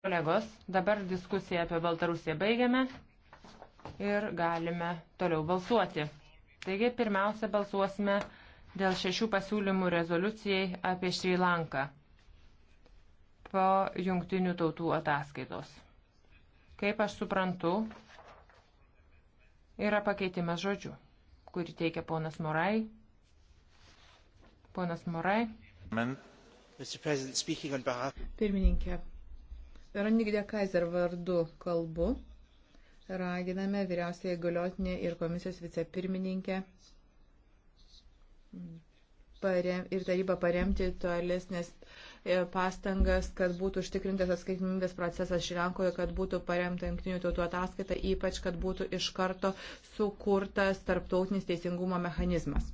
Kolegos, dabar diskusiją apie Baltarusiją baigiame ir galime toliau balsuoti. Taigi, pirmiausia, balsuosime dėl šešių pasiūlymų rezoliucijai apie Šri Lanką po jungtinių tautų ataskaitos. Kaip aš suprantu, yra pakeitimas žodžių, kurį teikia ponas Morai. Ponas Morai. Pirmininkė, Ranigdė Kaiser vardu kalbu. Raginame vyriausiai galiotinę ir komisijos vicepirmininkę parem, ir tarybą paremti tolesnės e, pastangas, kad būtų užtikrintas atskaitimybės procesas Šrilankoje, kad būtų paremta jungtinių tautų ataskaita, ypač kad būtų iš karto sukurtas tarptautinis teisingumo mechanizmas.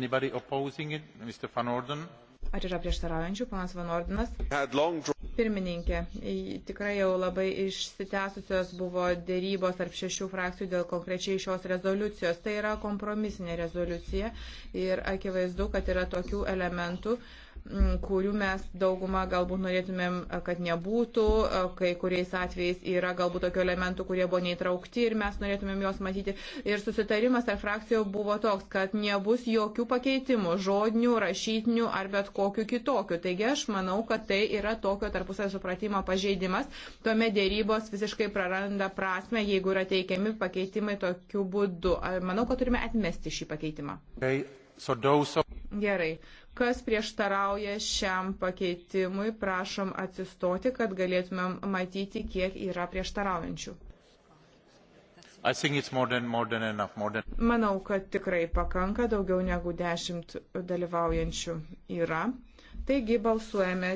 Anybody opposing it? Mr. Van Orden? Ar yra prieštaraujančių, panas Van Ordinas? Pirmininkė, tikrai jau labai išsitęsusios buvo dėrybos tarp šešių frakcijų dėl konkrečiai šios rezoliucijos. Tai yra kompromisinė rezoliucija ir akivaizdu, kad yra tokių elementų, uh, kurių mes daugumą galbūt norėtumėm, kad nebūtų, kai kuriais atvejais yra galbūt tokių elementų, kurie buvo neįtraukti ir mes norėtumėm juos matyti. Ir susitarimas ar frakcijo buvo toks, kad nebus jokių pakeitimų, žodinių, rašytinių ar bet kokių kitokių. Taigi aš manau, kad tai yra tokio tarpusavio supratimo pažeidimas. Tuomet dėrybos visiškai praranda prasme, jeigu yra teikiami pakeitimai tokiu būdu. Manau, kad turime atmesti šį pakeitimą. Okay. So those... Gerai. Kas prieštarauja šiam pakeitimui, prašom atsistoti, kad galėtumėm matyti, kiek yra prieštaraujančių. More than, more than enough, than... Manau, kad tikrai pakanka, daugiau negu dešimt dalyvaujančių yra. Taigi balsuojame